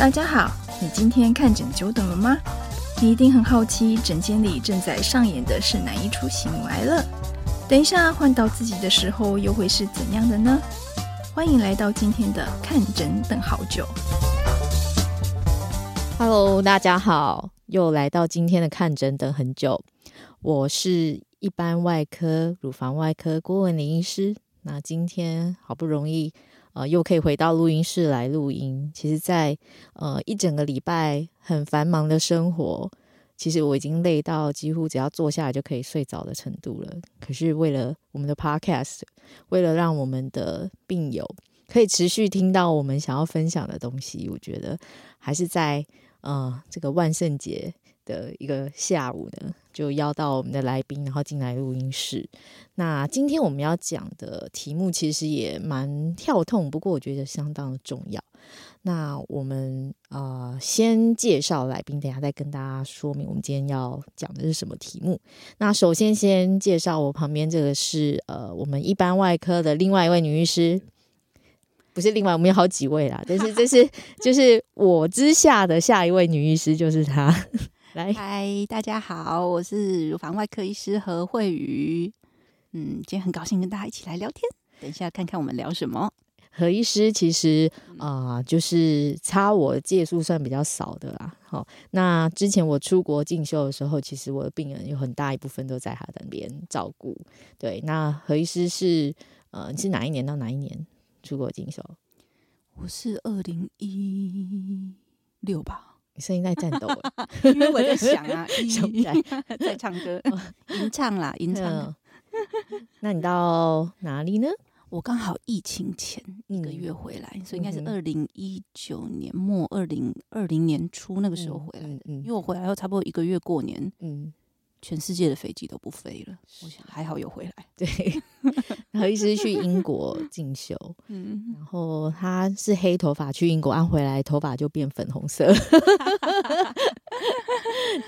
大家好，你今天看診久等了嗎？你一定很好奇，診間裡正在上演的是哪一出醒怒了》。等一下換到自己的時候，又會是怎樣的呢？歡迎來到今天的看診等好久。Hello，大家好，又來到今天的看診等很久。我是一般外科、乳房外科郭文玲醫師。那今天好不容易。啊、呃，又可以回到錄音室來錄音。其實在，在呃一整個禮拜很繁忙的生活，其實我已經累到幾乎只要坐下來就可以睡着的程度了。可是，為了我們的 Podcast，為了讓我們的病友可以持續聽到我們想要分享的東西，我覺得還是在呃這個萬聖節。的一個下午呢，就邀到我們的來賓，然後進來錄音室。那今天我們要講的題目其實也蠻跳痛，不過我覺得相當的重要。那我們啊、呃，先介紹來賓，等下再跟大家說明我們今天要講的是什麼題目？那首先先介紹我旁邊這個是呃，我們一般外科的另外一位女醫師，不是另外我們有好幾位啦，但是這是，這是就是我之下的下一位女醫師就是她。嗨，Hi, 大家好，我是乳房外科醫師何蕙余。嗯，今天很高興跟大家一起來聊天。等一下看看我們聊什麼。何醫師其實啊、呃，就是差我屆數算比較少的啦。好，那之前我出國進修的時候，其實我的病人有很大一部分都在他那邊照顧。對，那何醫師是呃，是哪一年到哪一年出國進修？我是二零一六吧。聲音在顫抖， 因為我在想啊，一 直在在唱歌，吟 唱啦，吟唱。 那你到哪裡呢？我剛好疫情前、嗯、一個月回來，嗯、所以應該是二零一九年末、二零二零年初那個時候回來的、嗯嗯嗯。因為我回來後差不多一個月過年，嗯嗯全世界的飛機都不飛了，啊、我想還好有回來。對，然後何醫師去英國進修、 嗯，然後他是黑頭髮，去英國按回來頭髮就變粉紅色，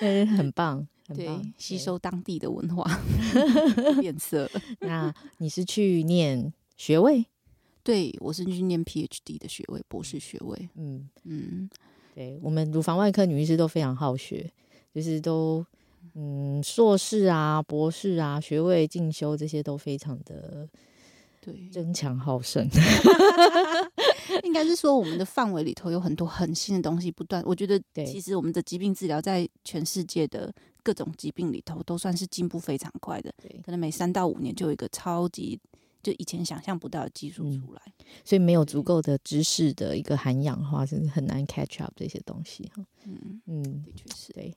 對，很棒，很棒對，對，吸收當地的文化， 變色。那你是去念學位？對，我是去念 PhD 的學位，博士學位。嗯嗯，對我們乳房外科女醫師都非常好學，就是都。嗯，碩士啊，博士啊，學位進修這些都非常的對，爭強好勝。 應該是說，我們的範圍裡頭有很多很新的東西不斷。我覺得，其實我們的疾病治療在全世界的各種疾病裡頭都算是進步非常快的。可能每三到五年就有一個超級，就以前想象不到的技術出來。嗯、所以，沒有足夠的知識的一個涵養的話，是很難 catch up 這些東西。嗯嗯，的確是哎。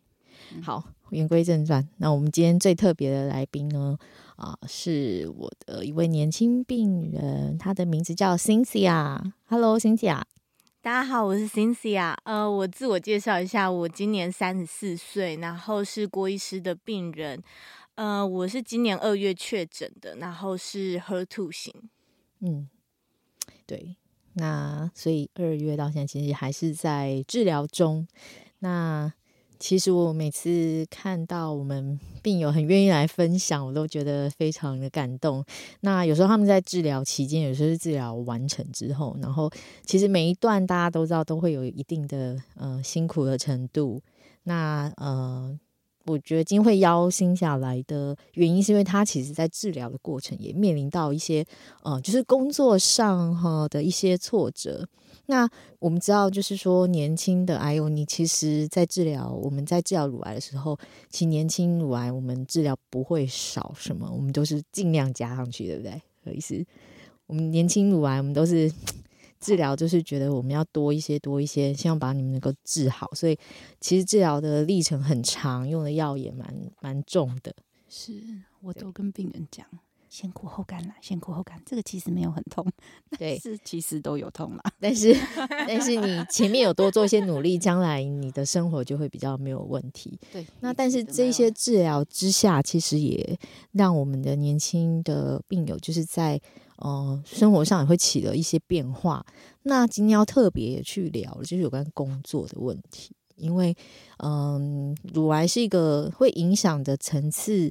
嗯、好，言歸正傳。那我們今天最特別的來賓呢？啊，是我的一位年輕病人，她的名字叫 Cynthia。Hello，Cynthia。大家好，我是 Cynthia。呃，我自我介紹一下，我今年三十四歲，然後是郭醫師的病人。呃，我是今年二月確診的，然後是 HER2 型。嗯，對。那所以二月到現在其實還是在治療中。那其實我每次看到我們病友很願意來分享，我都覺得非常的感動。那有時候他們在治療期間，有時候是治療完成之後，然後其實每一段大家都知道都會有一定的呃辛苦的程度。那呃，我覺得金惠邀請下來的原因是因為他其實在治療的過程也面臨到一些呃，就是工作上哈的一些挫折。那我們知道，就是說，年輕的，哎呦，你其實在治療我們在治療乳癌的時候，其年輕乳癌我們治療不會少什麼，我們都是盡量加上去，對不對？意思，我們年輕乳癌我們都是治療，就是覺得我們要多一些，多一些，希望把你們能夠治好。所以其實治療的歷程很長，用的藥也蠻蠻重的。是我都跟病人講。先苦後甘啦，先苦後甘，這個其實沒有很痛，對，是其實都有痛啦，但是但是你前面有多做一些努力， 將來你的生活就會比較沒有問題。對，那但是這些治療之下，其實也讓我們的年輕的病友就是在嗯、呃、生活上也會起了一些變化。嗯、那今天要特別去聊，就是有關工作的問題，因為嗯、呃，乳癌是一個會影響的層次。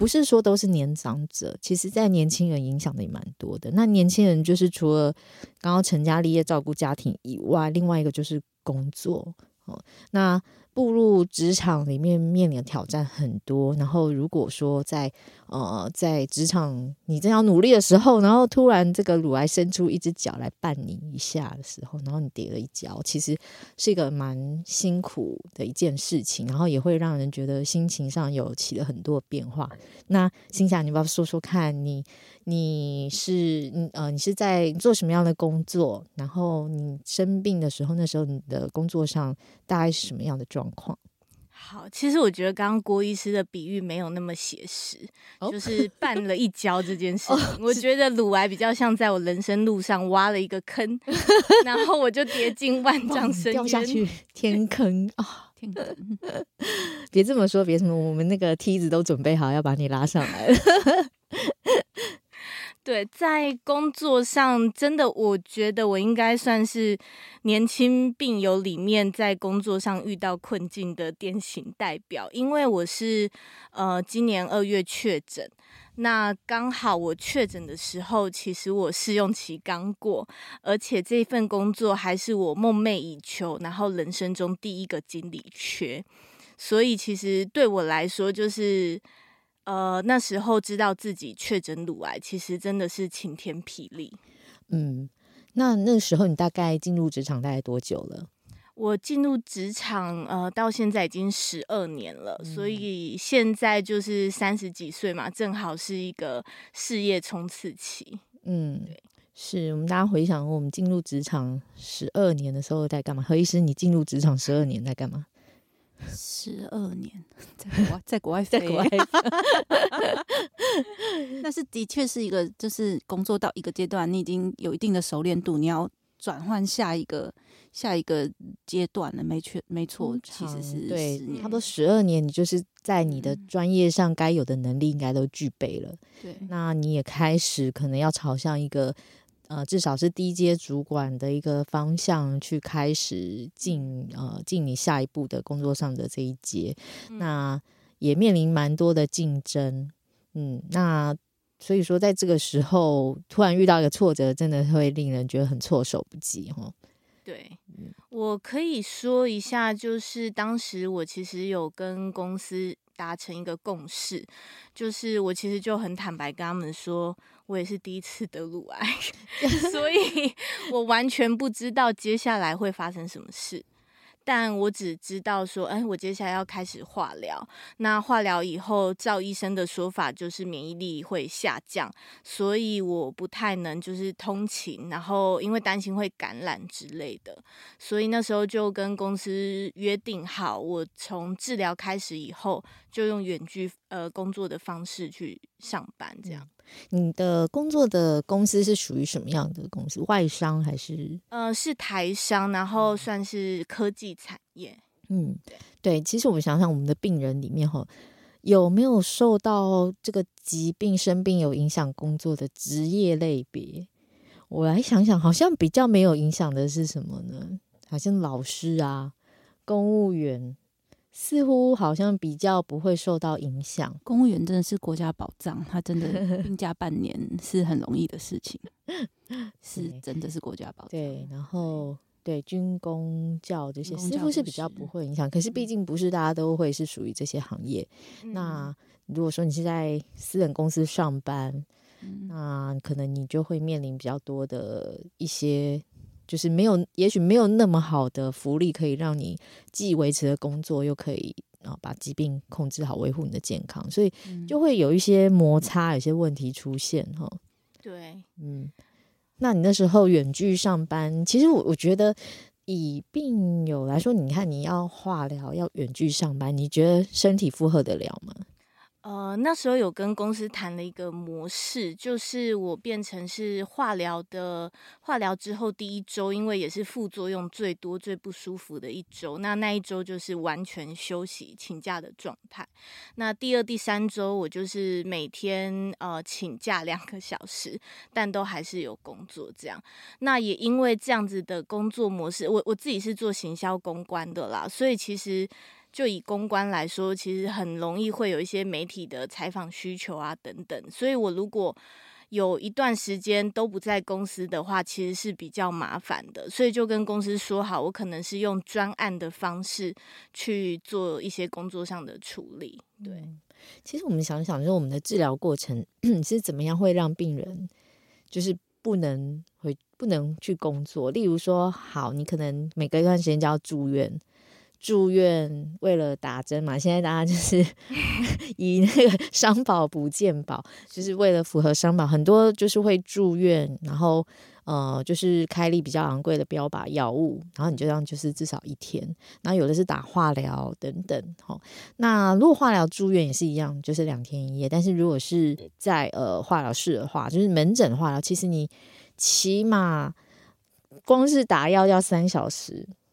不是說都是年長者，其實在年輕人影響的也蠻多的。那年輕人就是除了剛剛成家立業、照顧家庭以外，另外一個就是工作哦。那步入職場裡面面臨的挑戰很多，然後如果說在呃，在職場你正要努力的時候，然後突然這個乳癌伸出一隻腳來絆你一下的時候，然後你跌了一跤，其實是一個蠻辛苦的一件事情，然後也會讓人覺得心情上有起了很多變化。那 Cynthia，你不要說說看你，你是你呃，你是在做什麼樣的工作？然後你生病的時候，那時候你的工作上，大概是什麼樣的狀況？好，其實我覺得剛剛郭醫師的比喻沒有那麼寫實，哦，就是絆了一跤這件事情。 哦，我覺得乳癌比較像在我人生路上挖了一個坑， 然後我就跌進萬丈深淵，掉下去，天 坑啊！別、哦、 這麼說，別什麼，我們那個梯子都準備好要把你拉上來了。 對，在工作上，真的，我覺得我應該算是年輕病友裡面在工作上遇到困境的典型代表。因為我是呃，今年二月確診，那剛好我確診的時候，其實我試用期剛過，而且這份工作還是我夢寐以求，然後人生中第一個經理缺，所以其實對我來說就是。呃，那時候知道自己確診乳癌，其實真的是晴天霹靂。嗯，那那時候你大概進入職場大概多久了？我進入職場，呃，到現在已經十二年了，嗯。所以現在就是三十幾歲嘛，正好是一個事業衝刺期。嗯，對，是我們大家回想，我們進入職場十二年的時候在幹嘛？何醫師，你進入職場十二年在幹嘛？十二年，在 國在國外，在國外， 在國外 那是的確是一個，就是工作到一個階段，你已經有一定的熟練度，你要轉換下一個下一個階段了。沒錯，沒錯，其實是對，差不多十二年，你就是在你的專業上該有的能力應該都具備了，嗯。對，那你也開始可能要朝向一個。呃，至少是低階主管的一個方向去開始進呃進你下一步的工作上的這一階，嗯，那也面臨蠻多的競爭，嗯，那所以說在這個時候突然遇到一個挫折，真的會令人覺得很措手不及，哦，對，嗯，我可以說一下，就是當時我其實有跟公司達成一個共識，就是我其實就很坦白跟他們說。我也是第一次得乳癌， 所以我完全不知道接下來會發生什麼事。但我只知道說，哎、欸，我接下來要開始化療。那化療以後，照醫生的說法，就是免疫力會下降，所以我不太能就是通勤。然後因為擔心會感染之類的，所以那時候就跟公司約定好，我從治療開始以後，就用遠距呃工作的方式去上班，這樣。嗯你的工作的公司是屬於什麼樣的公司？外商還是？呃，是台商，然後算是科技產業。嗯，對。對，其實我們想想，我們的病人裡面哈，有沒有受到這個疾病生病有影響工作的職業類別？我來想想，好像比較沒有影響的是什麼呢？好像老師啊，公務員。似乎好像比較不會受到影響。公務員真的是國家保障，他真的病假半年是很容易的事情， 是真的是國家保障。對，對然後對軍公教這些似乎是比較不會影響，可是畢竟不是大家都會是屬於這些行業。嗯、那如果說你是在私人公司上班，嗯、那可能你就會面臨比較多的一些。就是沒有，也許沒有那麼好的福利，可以讓你既維持了工作，又可以啊把疾病控制好，維護你的健康，所以就會有一些摩擦，嗯、有些問題出現哈。對，嗯，那你那時候遠距上班，其實我我覺得以病友來說，你看你要化療，要遠距上班，你覺得身體負荷得了嗎？呃，那時候有跟公司談了一個模式，就是我變成是化療的化療之後第一周，因為也是副作用最多、最不舒服的一周，那那一周就是完全休息請假的狀態。那第二、第三周，我就是每天呃請假兩個小時，但都還是有工作這樣。那也因為這樣子的工作模式，我我自己是做行銷公關的啦，所以其實。就以公關來說，其實很容易會有一些媒體的採訪需求啊，等等。所以我如果有一段時間都不在公司的話，其實是比較麻煩的。所以就跟公司說好，我可能是用專案的方式去做一些工作上的處理。對，嗯、其實我們想想說我們的治療過程 是怎麼樣會讓病人就是不能回、不能去工作？例如說，好，你可能每隔一段時間就要住院。住院為了打針嘛，現在大家就是以那個商保補健保，就是為了符合商保，很多就是會住院，然後呃，就是開立比較昂貴的標靶藥物，然後你就這樣就是至少一天，然後有的是打化療等等，哦，那如果化療住院也是一樣，就是兩天一夜，但是如果是在呃化療室的話，就是門診化療，其實你起碼光是打藥要三小時。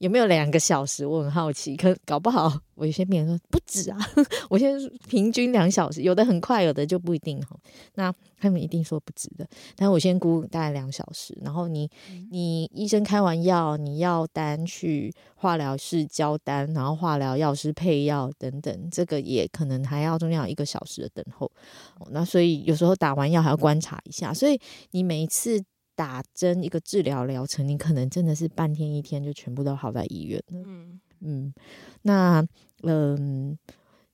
有沒有兩個小時？我很好奇，可搞不好我先別人說不止啊， 我先平均兩小時，有的很快，有的就不一定好，那他們一定說不止的，但是我先估大概兩小時。然後你、嗯、你醫生開完藥，你要單去化療室交單，然後化療藥師配藥等等，這個也可能還要中間有一個小時的等候。那所以有時候打完藥還要觀察一下，所以你每一次。打針一個治療療程，你可能真的是半天一天就全部都耗在醫院了。嗯，那嗯，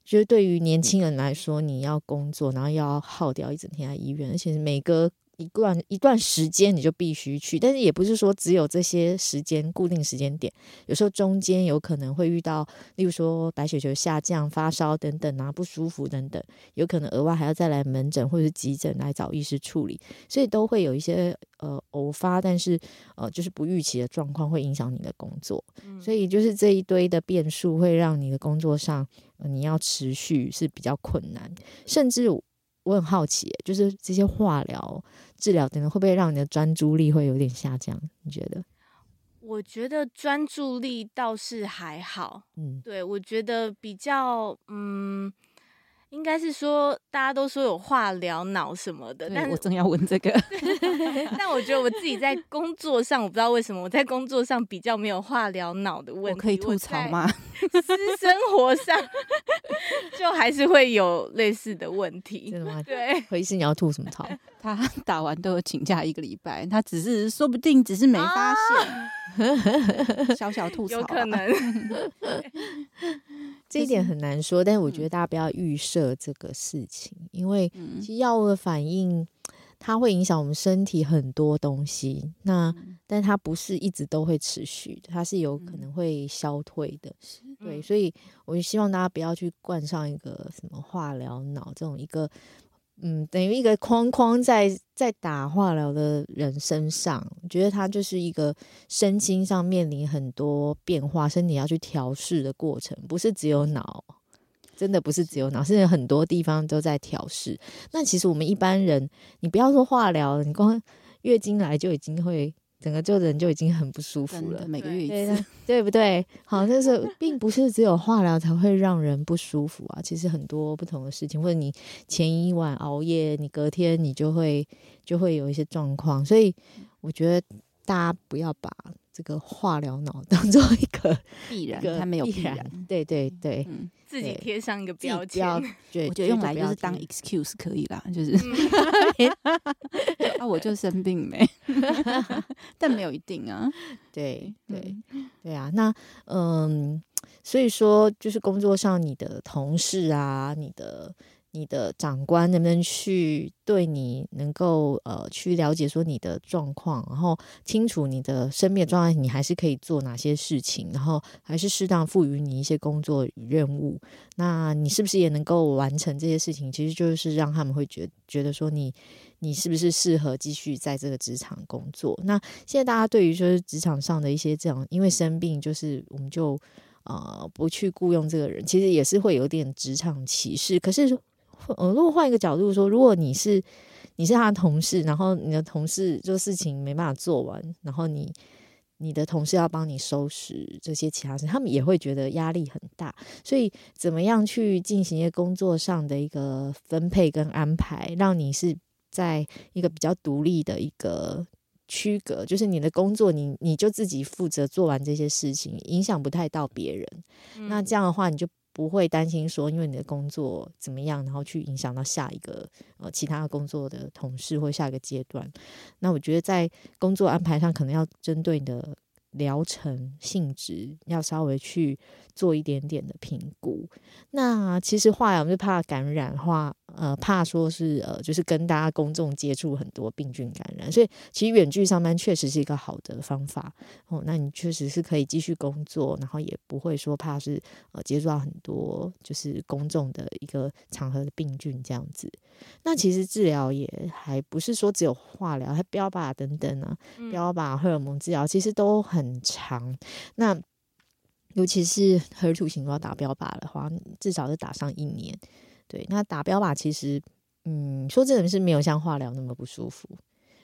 就是、嗯、對於年輕人來說、嗯，你要工作，然後要耗掉一整天在醫院，而且每個。一段一段時間你就必須去，但是也不是說只有這些時間，固定時間點，有時候中間有可能會遇到，例如說白血球下降、發燒等等啊，不舒服等等，有可能額外還要再來門診或者是急診來找醫師處理，所以都會有一些呃偶發，但是呃就是不預期的狀況會影響你的工作，嗯，所以就是這一堆的變數會讓你的工作上，呃，你要持續是比較困難，甚至。我很好奇，欸，就是這些化療治療真的會不會讓你的專注力會有點下降？你覺得？我覺得專注力倒是還好，嗯，對我覺得比較，嗯。應該是說，大家都說有化療腦什麼的，但我正要問這個。 但我覺得我自己在工作上，我不知道為什麼我在工作上比較沒有化療腦的問題。我可以吐槽嗎？私生活上 就還是會有類似的問題，真的嗎？對，回事，你要吐什麼槽？ 他打完都有請假一個禮拜，他只是說不定只是沒發現，哦、 小小吐槽、啊，有可能。 這一點很難說，但是我覺得大家不要預設這個事情，嗯、因為其實藥物的反應它會影響我們身體很多東西。那，但它不是一直都會持續的，它是有可能會消退的。嗯、對，所以我就希望大家不要去冠上一個什麼化療腦這種一個。嗯，等於一個框框在在打化療的人身上，覺得他就是一個身心上面臨很多變化，身體要去調試的過程，不是只有腦，真的不是只有腦，現在很多地方都在調試。那其實我們一般人，你不要說化療，你光月經來就已經會。整個做人就已經很不舒服了，每個月一次，對不對？好像是並不是只有化療才會讓人不舒服啊。其實很多不同的事情，或者你前一晚熬夜，你隔天你就會就會有一些狀況。所以我覺得大家不要把。這個化療腦當做一個必然個，他沒有必然，然對對對，嗯、對自己貼上一個標籤，對，我覺得用來就是當 excuse 可以啦，就是，那、嗯 啊、我就生病沒， 但沒有一定啊，對對、嗯、對啊，那嗯，所以說就是工作上你的同事啊，你的。你的長官能不能去對你能夠呃去了解說你的狀況，然後清楚你的生命狀態，你還是可以做哪些事情，然後還是適當賦予你一些工作與任務。那你是不是也能夠完成這些事情？其實就是讓他們會覺得覺得說你你是不是適合繼續在這個職場工作。那現在大家對於說職場上的一些這樣，因為生病就是我們就呃不去僱傭這個人，其實也是會有點職場歧視。可是。呃，如果換一個角度說，如果你是你是他的同事，然後你的同事做事情沒辦法做完，然後你你的同事要幫你收拾這些其他事，他們也會覺得壓力很大。所以，怎麼樣去進行一個工作上的一個分配跟安排，讓你是在一個比較獨立的一個區隔，就是你的工作你，你你就自己負責做完這些事情，影響不太到別人。嗯。那這樣的話，你就。不會擔心說，因為你的工作怎麼樣，然後去影響到下一個呃其他工作的同事或下一個階段。那我覺得在工作安排上，可能要針對你的療程性質，要稍微去做一點點的評估。那其實化療我們，就怕感染的話。呃，怕說是呃，就是跟大家公眾接觸很多病菌感染，所以其實遠距上班確實是一個好的方法哦。那你確實是可以繼續工作，然後也不會說怕是呃接觸到很多就是公眾的一個場合的病菌這樣子。那其實治療也還不是說只有化療，還標靶、啊、等等啊，嗯、標靶、荷爾蒙治療其實都很長。那尤其是 HER2 型要打標靶的話，至少是打上一年。對，那打標靶，其實，嗯，說真的是沒有像化療那麼不舒服。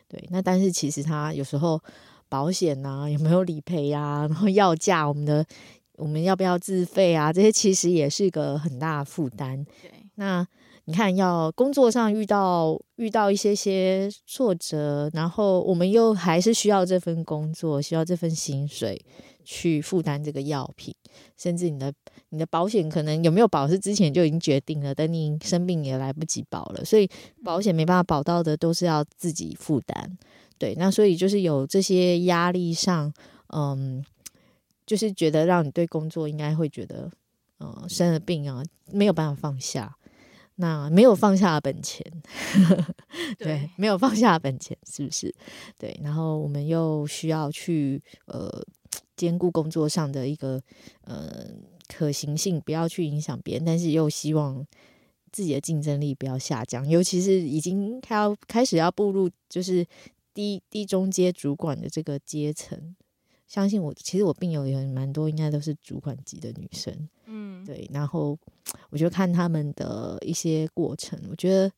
對，那但是其實他有時候保險吶、啊，有沒有理賠呀、啊？然後藥價，我們的我們要不要自費啊？這些其實也是一個很大的負擔。對，那你看，要工作上遇到遇到一些些挫折，然後我們又還是需要這份工作，需要這份薪水去負擔這個藥品，甚至你的。你的保險可能有沒有保是之前就已經決定了，等你生病也來不及保了，所以保險沒辦法保到的都是要自己負擔。對，那所以就是有這些壓力上，嗯，就是覺得讓你對工作應該會覺得，呃、嗯，生了病啊，沒有辦法放下，那沒有放下的本錢， 對，沒有放下的本錢是不是？對，然後我們又需要去，呃，兼顧工作上的一個嗯。呃可行性，不要去影響別人，但是又希望自己的競爭力不要下降，尤其是已經要開始要步入就是低低中階主管的這個階層。相信我，其實我病友也蠻多，應該都是主管級的女生。嗯，對。然後我就看他們的一些過程，我覺得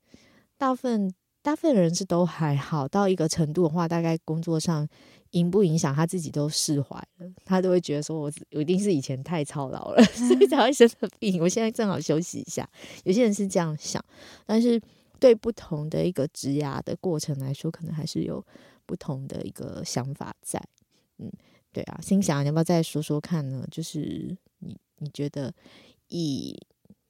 大部分。大部分的人是都還好，到一個程度的話，大概工作上影不影響他自己都釋懷了，他都會覺得說我，我一定是以前太操勞了，嗯、 所以才會生的病。我現在正好休息一下，有些人是這樣想，但是對不同的一個職涯的過程來說，可能還是有不同的一個想法在。嗯，對啊，Cynthia 你要不要再說說看呢？就是你你覺得以。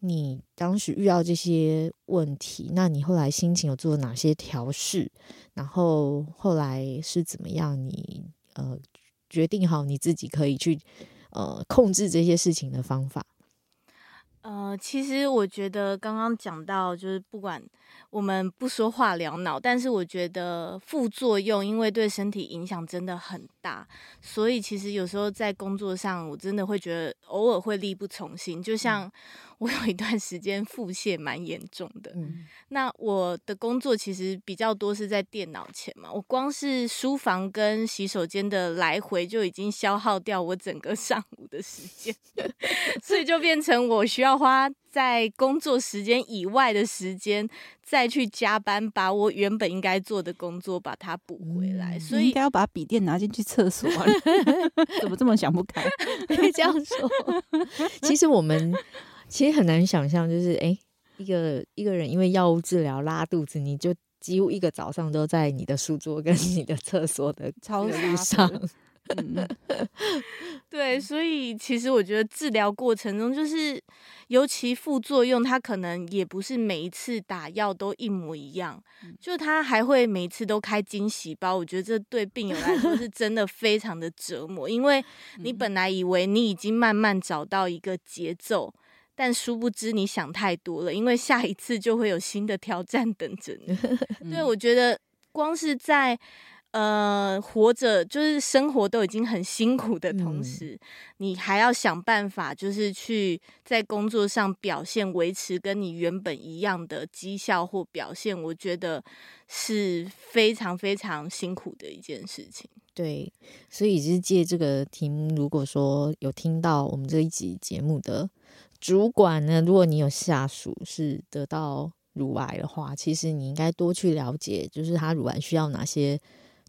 你當時遇到這些問題，那你後來心情有做哪些調適？然後後來是怎麼樣你？你呃決定好你自己可以去呃控制這些事情的方法。呃，其實我覺得剛剛講到，就是不管我們不說化療腦，但是我覺得副作用因為對身體影響真的很大，所以其實有時候在工作上我真的會覺得偶爾會力不從心，就像、嗯。我有一段時間腹瀉蠻嚴重的，嗯，那我的工作其實比較多是在電腦前嘛，我光是書房跟洗手間的來回就已經消耗掉我整個上午的時間， 所以就變成我需要花在工作時間以外的時間再去加班，把我原本應該做的工作把它補回來。嗯、所以應該要把筆電拿進去廁所，啊， 怎麼這麼想不開？可 以這樣說， 其實我們。其實很難想象，就是、欸、一個一個人因為藥物治療拉肚子，你就幾乎一個早上都在你的書桌跟你的廁所的超市上、 嗯。對，所以其實我覺得治療過程中，就是尤其副作用，它可能也不是每一次打藥都一模一樣，就他還會每次都開驚喜包。我覺得這對病人來說是真的非常的折磨、嗯，因為你本來以為你已經慢慢找到一個節奏。但殊不知你想太多了，因為下一次就會有新的挑戰等着你。 對，我覺得光是在呃活着，就是生活都已經很辛苦的同時， 你還要想辦法，就是去在工作上表現維持跟你原本一樣的績效或表現，我覺得是。非常非常辛苦的一件事情。對，所以就是借這個題目，如果說有聽到我們這一集節目的主管呢，如果你有下屬是得到乳癌的話，其實你應該多去了解，就是他乳癌需要哪些。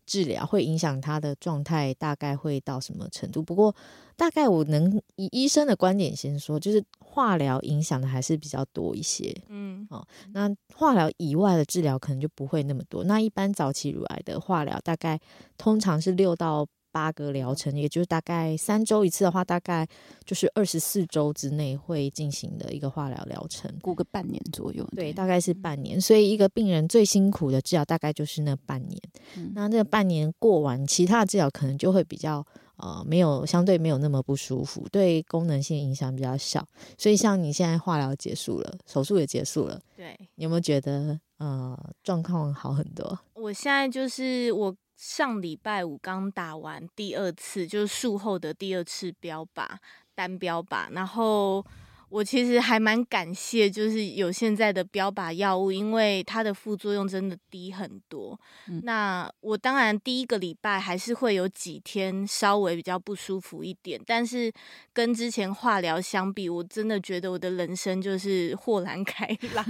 治療會影響他的狀態，大概會到什麼程度？不過，大概我能以醫生的觀點先說，就是化療影響的還是比較多一些。嗯，哦，那化療以外的治療可能就不會那麼多。那一般早期乳癌的化療大概通常是六到。八個療程，也就是大概三周一次的話，大概就是二十四周之內會進行的一個化療療程，過個半年左右對。對，大概是半年，所以一個病人最辛苦的治療大概就是那半年。嗯、那那半年過完，其他的治療可能就會比較呃，沒有相對沒有那麼不舒服，對功能性影響比較小。所以像你現在化療結束了，手術也結束了，對你有沒有覺得呃狀況好很多？我現在就是我。上禮拜五剛打完第二次，就是術後的第二次標靶，單標靶，然後。我其實還蠻感謝，就是有現在的標靶藥物，因為它的副作用真的低很多。嗯。那我當然第一個禮拜還是會有幾天稍微比較不舒服一點，但是跟之前化療相比，我真的覺得我的人生就是豁然開朗，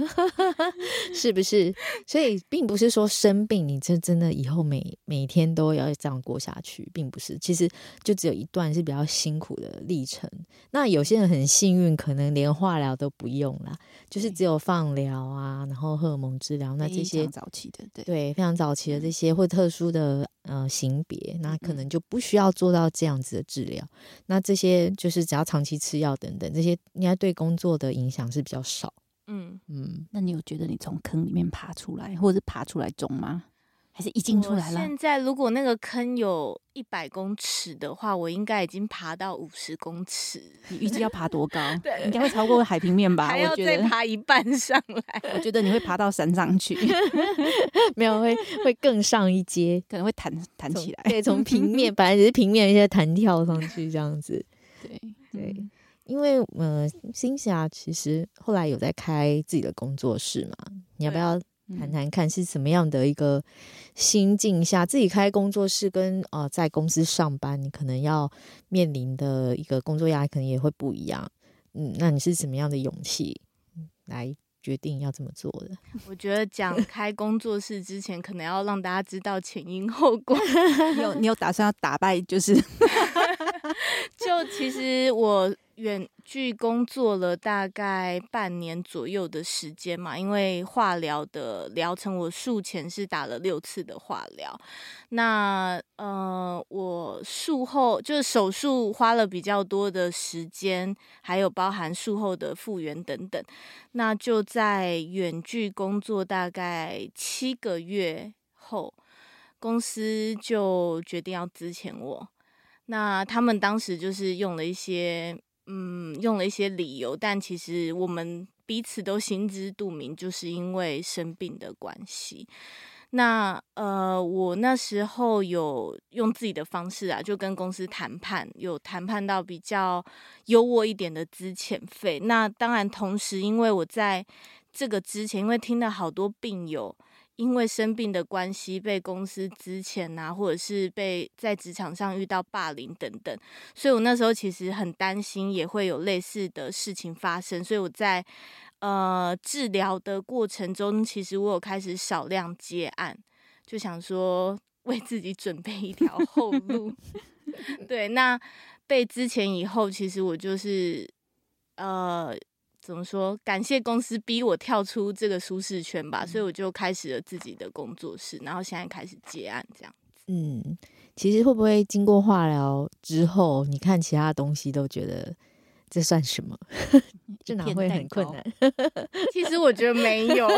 是不是？所以並不是說生病，你這真的以後每每天都要這樣過下去，並不是。其實就只有一段是比較辛苦的歷程。那有些人很幸運，可能。連化療都不用啦，就是只有放療啊，然後荷爾蒙治療。那這些非常早期的，對，對非常早期的這些或是特殊的呃型別，那可能就不需要做到這樣子的治療。嗯。那這些就是只要長期吃藥等等，這些應該對工作的影響是比較少。嗯嗯，那你有覺得你從坑裡面爬出來，或是爬出來腫嗎？還是一進出來了。現在如果那個坑有一百公尺的話，我應該已經爬到五十公尺。 你預計要爬多高？對，應該會超過海平面吧？我覺得爬一半上來。我覺得你會爬到山上去， 沒有，會會更上一階，可能會彈彈起來。從對，從平面 本來只是平面，一些彈跳上去這樣子。對對、嗯，因為呃，Cynthia 其實後來有在開自己的工作室嘛，你要不要？談談看是怎麼樣的一個心境下自己開工作室跟、跟呃在公司上班，你可能要面臨的一個工作壓力可能也會不一樣。嗯，那你是什麼樣的勇氣，嗯，來。決定要怎麼做的？我覺得講開工作室之前，可能要讓大家知道前因後果 你有。有你有打算要打敗？就是 ， 就其實我遠距工作了大概半年左右的時間嘛，因為化療的療程，我術前是打了六次的化療。那呃。嗯術後就是手術花了比較多的時間，還有包含術後的復原等等。那就在遠距工作大概七個月後，公司就決定要資遣我。那他們當時就是用了一些，嗯，用了一些理由，但其實我們彼此都心知肚明，就是因為生病的關係。那呃，我那時候有用自己的方式啊，就跟公司談判，有談判到比較優渥一點的資遣費。那當然，同時因為我在這個之前，因為聽了好多病友因為生病的關係被公司資遣啊，或者是被在職場上遇到霸凌等等，所以我那時候其實很擔心也會有類似的事情發生，所以我在。呃，治療的過程中，其實我有開始少量接案，就想說為自己準備一條後路。 對，那被資遣以後，其實我就是呃，怎麼說？感謝公司逼我跳出這個舒適圈吧，嗯，所以我就開始了自己的工作室，然後現在開始接案這樣子。嗯，其實會不會經過化療之後，你看其他東西都覺得？這算什麼？這哪會很困難？其實我覺得沒有，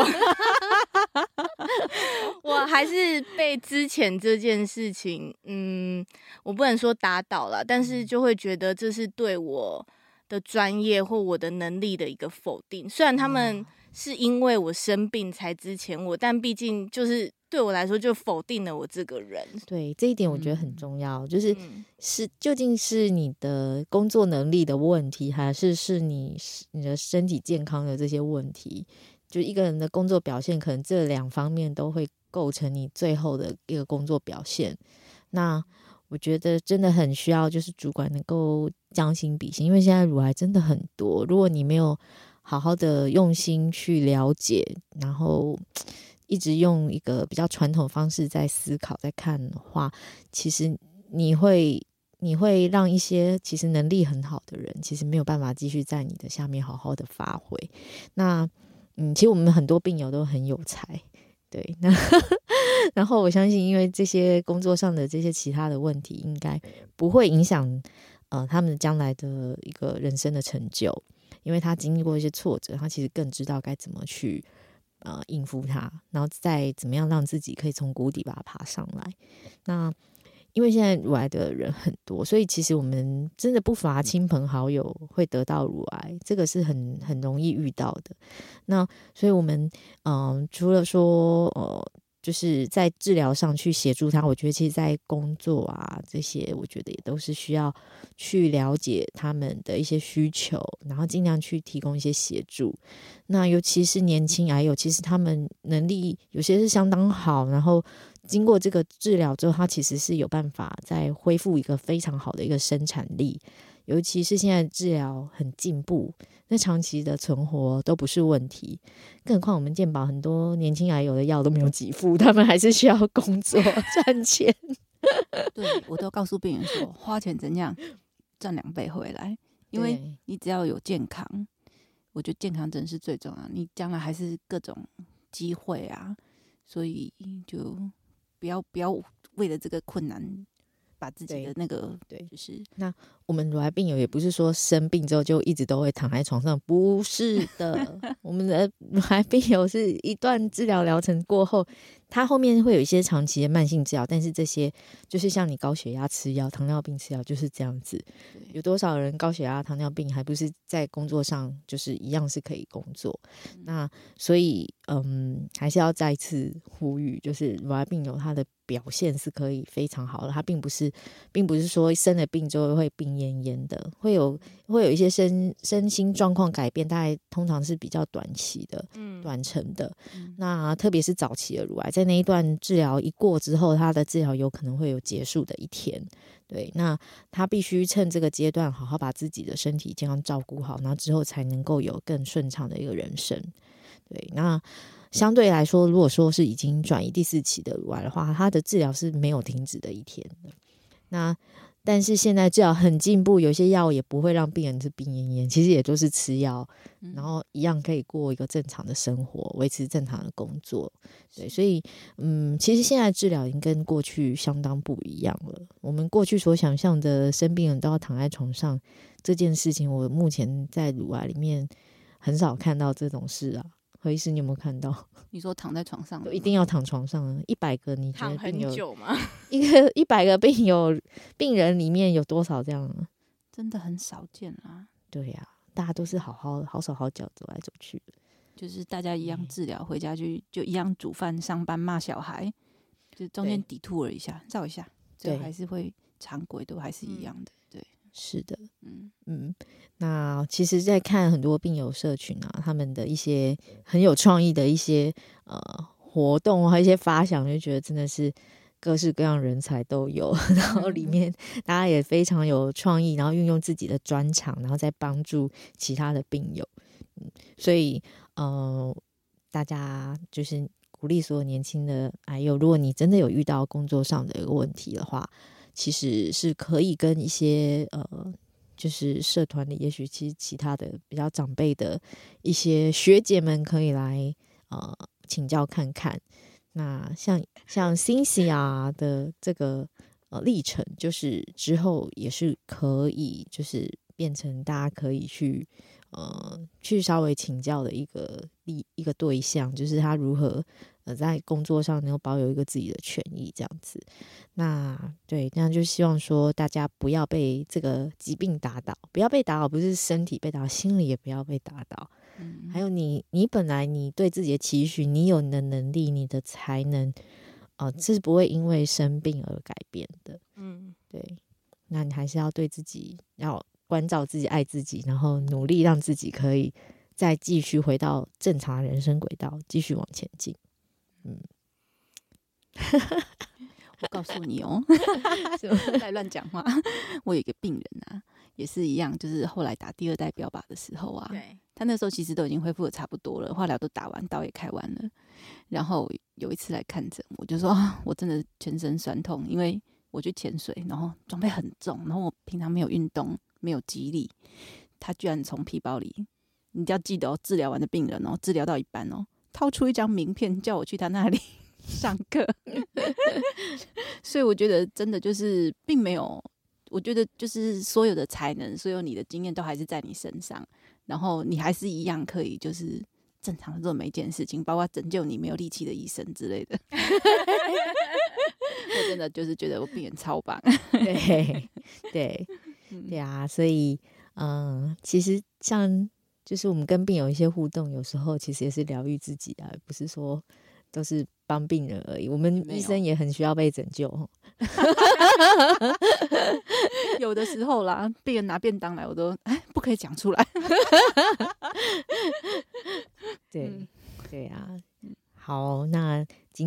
我還是被之前這件事情，嗯，我不能說打倒了，但是就會覺得這是對我的專業或我的能力的一個否定。雖然他們。是因為我生病才之前我，但畢竟就是對我來說就否定了我這個人。對，這一點我覺得很重要，嗯、就是、嗯、是究竟是你的工作能力的問題，還是是你你的身體健康的這些問題？就一個人的工作表現，可能這兩方面都會構成你最後的一個工作表現。那我覺得真的很需要，就是主管能夠將心比心，因為現在乳癌真的很多。如果你沒有。好好的用心去了解，然後一直用一個比較傳統方式在思考、在看的話，其實你會你會讓一些其實能力很好的人，其實沒有辦法繼續在你的下面好好的發揮。那嗯，其實我們很多病友都很有才，對。那 然後我相信，因為這些工作上的這些其他的問題，應該不會影響呃他們將來的一個人生的成就。因為他經歷過一些挫折，他其實更知道該怎麼去呃應付他，然後再怎麼樣讓自己可以從谷底把它爬上來。那因為現在乳癌的人很多，所以其實我們真的不乏親朋好友會得到乳癌，嗯、這個是很很容易遇到的。那所以我們嗯、呃，除了說呃。就是在治療上去協助他，我覺得其實，在工作啊這些，我覺得也都是需要去了解他們的一些需求，然後盡量去提供一些協助。那尤其是年輕癌友，其實他們能力有些是相當好，然後經過這個治療之後，他其實是有辦法再恢復一個非常好的一個生產力。尤其是現在治療很進步，那長期的存活都不是問題。更何況我們健保很多年輕癌友的藥都沒有給付，他們還是需要工作賺 錢。對，我都告訴病人說，花錢怎樣賺兩倍回來，因為你只要有健康，我覺得健康真是最重要。你將來還是各種機會啊，所以就不要不要為了這個困難。把自己的那個對，就是那我們乳癌病友也不是說生病之後就一直都會躺在床上，不是的， 我們的乳癌病友是一段治療療程過後。它後面會有一些長期的慢性治療，但是這些就是像你高血壓吃藥、糖尿病吃藥就是這樣子。有多少人高血壓、糖尿病，還不是在工作上就是一樣是可以工作？嗯、那所以，嗯，還是要再一次呼籲，就是乳癌病友，它的表現是可以非常好的，它並不是，並不是說生了病之後會病懨懨的，會有、嗯、會有一些身身心狀況改變，大概通常是比較短期的、嗯、短程的。嗯、那特別是早期的乳癌。在那一段治療一過之後，他的治療有可能會有結束的一天。對，那他必須趁這個階段好好把自己的身體健康照顧好，然後之後才能夠有更順暢的一個人生。對，那相對來說，如果說是已經轉移第四期的癌的話，他的治療是沒有停止的一天。那但是現在治療很進步，有些藥也不會讓病人是病懨懨，其實也都是吃藥，然後一樣可以過一個正常的生活，維持正常的工作。對，所以嗯，其實現在治療已經跟過去相當不一樣了。我們過去所想象的生病人都要躺在床上這件事情，我目前在乳癌裡面很少看到這種事啊。何醫師，你有沒有看到？你說躺在床上， 就一定要躺床上啊！一百個你覺得有躺很久嗎？一個一百個病友病人裡面有多少這樣？真的很少見啊！對呀、啊，大家都是好好好手好腳走來走去，就是大家一樣治療、嗯，回家去就，就一樣煮飯、上班、罵小孩，就中間抵吐了一下，照一下，對，還是會常軌都還是一樣的。是的，嗯嗯，那其實，在看很多病友社群啊，他們的一些很有創意的一些呃活動，還有一些發想，就覺得真的是各式各樣人才都有。 然後裡面大家也非常有創意，然後運用自己的專長，然後再幫助其他的病友。嗯，所以呃，大家就是鼓勵所有年輕的哎呦，如果你真的有遇到工作上的一個問題的話。其實是可以跟一些呃，就是社團裡，也許，其其他的比較長輩的一些學姐們可以來呃請教看看。那像像 Cynthia 啊的這個呃歷程，就是之後也是可以，就是變成大家可以去呃去稍微請教的一個一一個對象，就是他如何呃在工作上能夠保有一個自己的權益這樣子。那對那就希望說大家不要被這個疾病打倒，不要被打倒，不是身體被打倒，心理也不要被打倒。嗯，還有你你本來你對自己的期許，你有你的能力，你的才能，呃，這是不會因為生病而改變的。嗯，對，那你還是要對自己要關照自己，愛自己，然後努力讓自己可以。再繼續回到正常人生軌道，繼續往前進。嗯， 我告訴你哦，太 不是 亂講話。我有一個病人啊，也是一樣，就是後來打第二代標靶的時候啊，對，他那時候其實都已經恢復得差不多了，化療都打完，刀也開完了。然後有一次來看診，我就說，我真的全身痠痛，因為我去潛水，然後裝備很重，然後我平常沒有運動，沒有肌力，他居然從皮包裡。你要記得哦，治療完的病人哦，治療到一半哦，掏出一張名片叫我去他那裡上課。 所以我覺得真的就是並沒有，我覺得就是所有的才能，所有你的經驗都還是在你身上，然後你還是一樣可以就是正常的做每一件事情，包括拯救你沒有力氣的醫生之類的。 我真的就是覺得我病人超棒。 對對對啊，所以嗯、呃，其實像。就是我們跟病友一些互動，有時候其實也是療癒自己而、啊、不是說都是幫病人而已。我們醫生也很需要被拯救，有， 有的時候啦，病人拿便當來，我都哎，不可以講出來。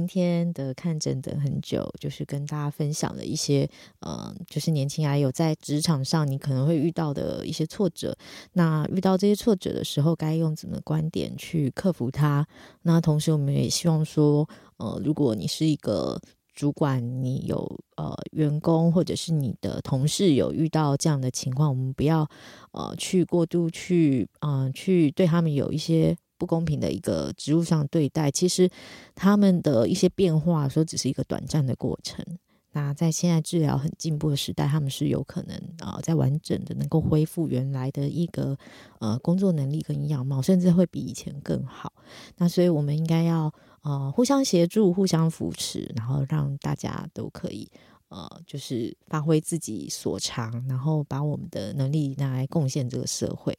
今天的看診等很久，就是跟大家分享了一些，呃，就是年輕還有在職場上你可能會遇到的一些挫折。那遇到這些挫折的時候，該用怎麼觀點去克服它？那同時，我們也希望說，呃，如果你是一個主管，你有呃，呃員工或者是你的同事有遇到這樣的情況，我們不要呃去過度去，嗯、呃，去對他們有一些。不公平的一個職務上的對待，其實他們的一些變化說只是一個短暫的過程。那在現在治療很進步的時代，他們是有可能啊、呃，在完整的能夠恢復原來的一個呃工作能力跟樣貌，甚至會比以前更好。那所以我們應該要呃互相協助、互相扶持，然後讓大家都可以呃就是發揮自己所長，然後把我們的能力拿來貢獻這個社會。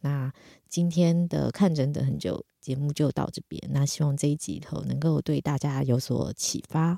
那今天的看診等很久節目就到這邊。那希望這一集頭能夠對大家有所啟發。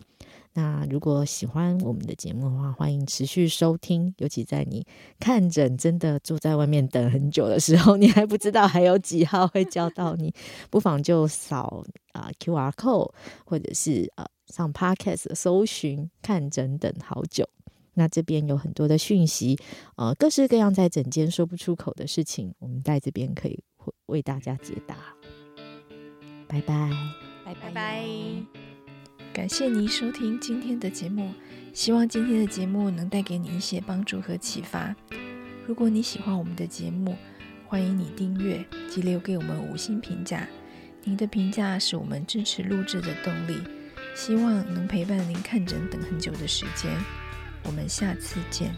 那如果喜歡我們的節目的話，歡迎持續收聽。尤其在你看診真的坐在外面等很久的時候，你還不知道還有幾號會叫到你， 不妨就掃啊、呃、QR code，或者是呃上 Podcast 搜尋看診等好久。那這邊有很多的訊息，呃，各式各樣在診間說不出口的事情，我們在這邊可以為大家解答。拜拜，拜拜。感謝您收聽今天的節目，希望今天的節目能帶給你一些幫助和啟發。如果你喜歡我們的節目，歡迎你訂閱及留給我們五星評價，您的評價是我們支持錄制的動力，希望能陪伴您看診等很久的時間。我們下次見。